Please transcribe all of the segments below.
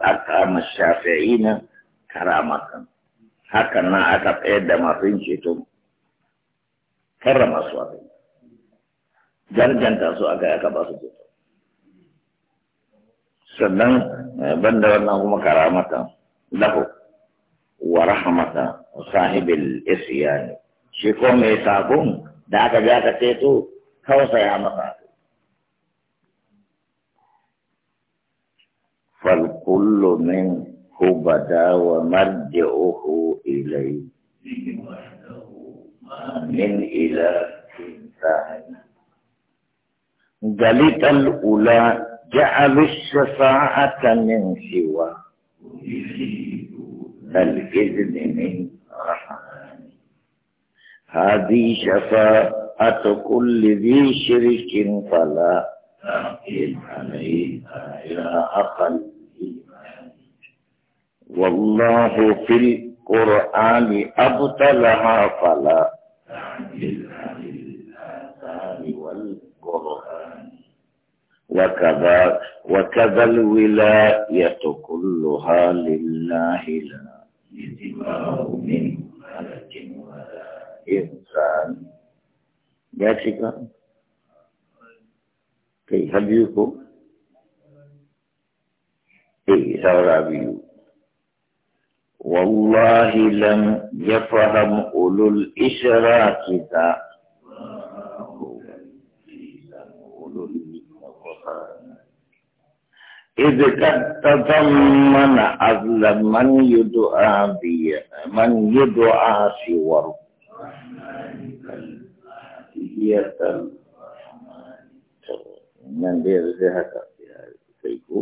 أكرم الشافعين كرامة هكذا أكب إيدا ما فينشيتم كرم أصواتي درجة تأسوا أكب أصواتي sannan ban da wannan kuma karamata dafu wa rahamata sahibil isyani shi ko mai sabon da aka ga ka ceto kawsa ya maka فالكل منه بدا ومرجعه إليه من إله ثاني جلت الأولى جعل الشفاعة من سوى الإذن من رحمن هذه شفاعة كل ذي شرك فلا إن عليها إلى أقل إيمان والله في القرآن أبطلها فلا تعجل عن الآثار والقرآن وكذا وكذا الولاية كلها لله لا يتباه من ملك ولا إنسان يا شكرا kai har biyu ko eh والله لم يفهم أولو الإشراك ذا إذ قد تضمن أذل من يدعى بي من يدعى سوى هي nan da yanzu zai haka sai ko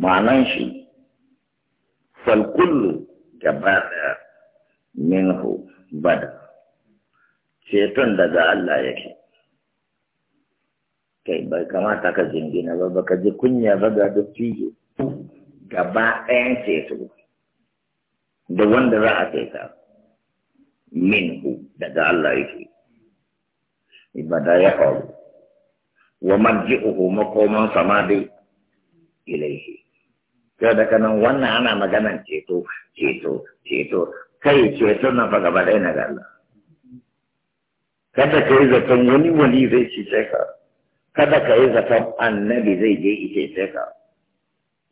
ma'anan shi falkullu gaba daya minhu bada ceton daga Allah yake kai bai kamata ka jingina ba baka ji kunya ba ga fiye. gaba ɗayan ceto da wanda za a ceta minhu daga Allah yake ibada ya faru wa marji'uhu makoman samadi ilaihi sai daga nan wannan ana maganan ceto ceto ceto kai ceto na fa gaba ɗaya na ga Allah kada ka yi zaton wani wani zai cece ka kada ka yi zaton annabi zai je cece ka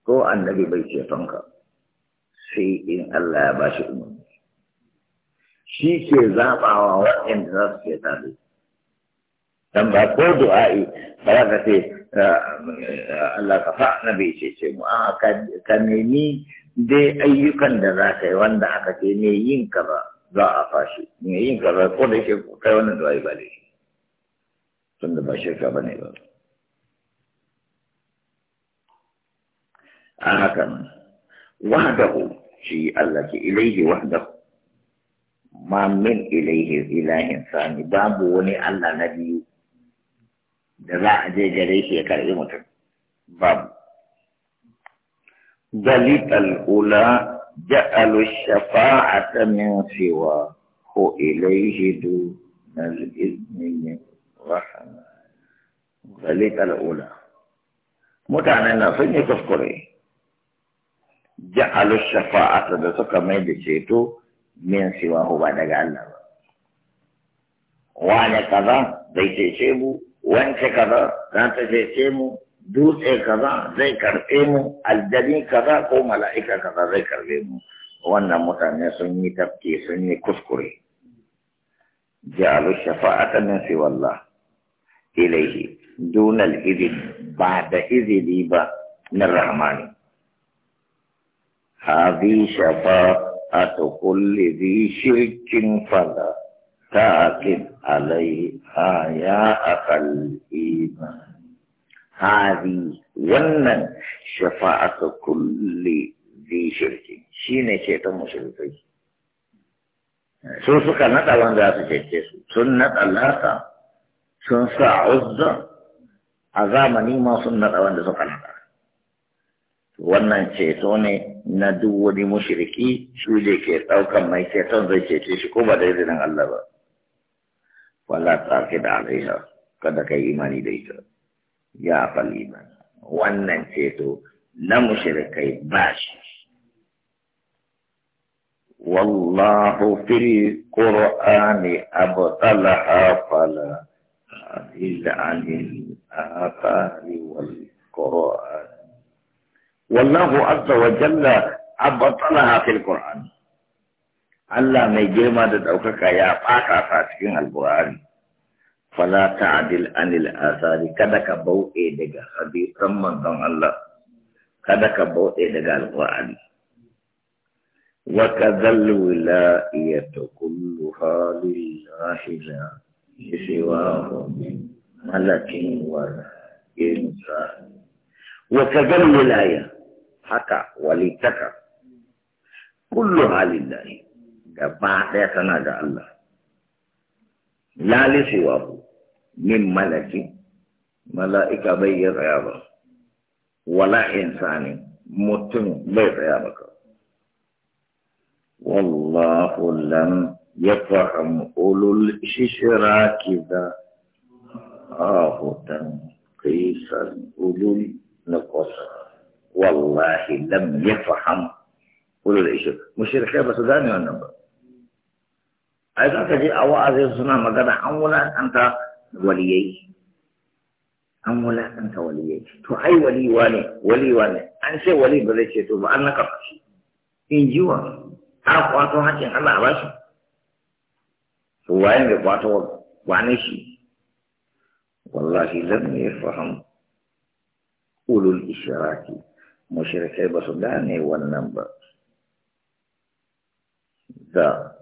ko annabi bai ce ka sai in Allah ya ba shi umarni shi ke zaɓawa waɗanda za su ceta duk dan ba ko du'a'i ba za ka ce ah, Allah ka fa na bai ce ce mu a ka nemi dai ayyukan da za ka yi wanda aka ce ne yin ka ba za a fashi ne yin ka ba ko da yake kai wannan du'a'i ba ne tunda ba shirka ba ne ba a hakan wahdahu shi Allah ke ilaihi wahdahu ma min ilaihi ilahin sani babu wani Allah na biyu da za a je gare shi ya karbi mutum babu Dalil al'ula ja'alu shafa'ata min siwa ko ilaihi du na izinin rahama dalit al'ula mutanen na sun yi kuskure ja'alu shafa'ata da suka mai da ceto min siwa ba daga Allah ba wane kaza zai cece mu wance kaza za ta cece mu dutse kaza zai karɓe mu aljani kaza ko mala'ika kaza zai karɓe mu wannan mutane sun yi tafki sun yi kuskure ja'alu shafa'ata min fi wallah ilaihi dunal izini ba da izini ba na rahmani هذه شفاعة كل ذي شرك فلا تأكد ya يا أقل إيمان wannan ونن شفاعة كل ذي شرك شين شيطان مشركين sun suka naɗa wanda su cece su sun naɗa lata sun sa uzza a zamani ma sun naɗa wanda suka naɗa wannan ceto ne na duk wani mushriki su je ke ɗaukan mai ceton zai cece shi ko ba da izinin Allah ba ولا تعقد عليها kada ka yi imani da ita ya fal iman wannan ceto na mushrikai ba shi wallahu fil qur'ani abtalaha fala illa anil athari wal qur'an wallahu azza wa jalla abtalaha fil qur'ani Allah mai girma da ɗaukaka ya ɓata sa cikin alburari. Fala ta'adil anil asari kada ka bauɗe daga hadisan manzon Allah. Kada ka bauɗe daga alburari. Wa ka iya ta kadhal wilayatu kulluha lillahi la siwahu malakin wa insan. Wa kadhal wilaya haka walitaka kulluha lillahi gaba ɗaya tana ga Allah lalisewa min malaki mala'ika bai yi tsaya ba wala insani mutum bai tsaya maka wallahu lam yafham ulul ishraki da ahutan qisan ulul naqasa wallahi lam yafham ulul ishrak mushrikai ba su gane wannan ba ai za ka je a wa'azi suna magana an wulaƙanta waliyai an wulaƙanta waliyai to ai waliwa ne waliwa ne an ce wali ba zai ce to ba an naka shi. in ji wa har kwato hakin Allah ba shi to waye mai kwato wane shi wallahi lam yafham ulul ishraki mushrikai ba su gane wannan ba da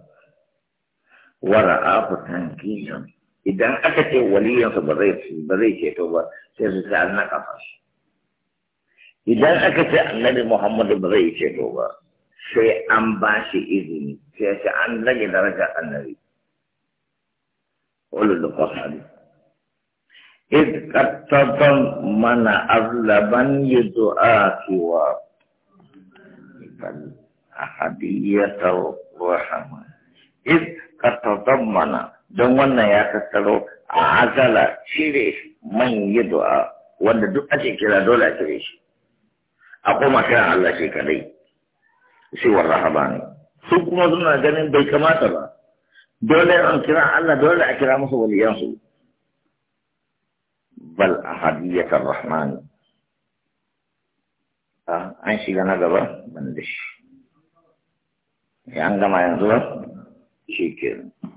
ورا آخر تانكينيون إذا أكتي وليون تبريت بريت يتوبا سيرس سألنا قفص إذا أكتي النبي محمد بريت يتوبا سي أمباشي إذن سيرس أنلا يدرجة النبي قولوا له قصدي إذ قطتم من ان يدعاكي و أحدية الرحمة إذ قد mana don wannan ya tattaro a azala cire man yi du'a wanda duk ake kira dole a cire shi a koma kiran Allah shi kadai shi warrahaba rahabani su kuma suna ganin bai kamata ba dole an kira Allah dole a kira musu waliyansu bal ahadiyatar rahmani ah, an shiga na gaba ban da shi an gama yanzu ba shi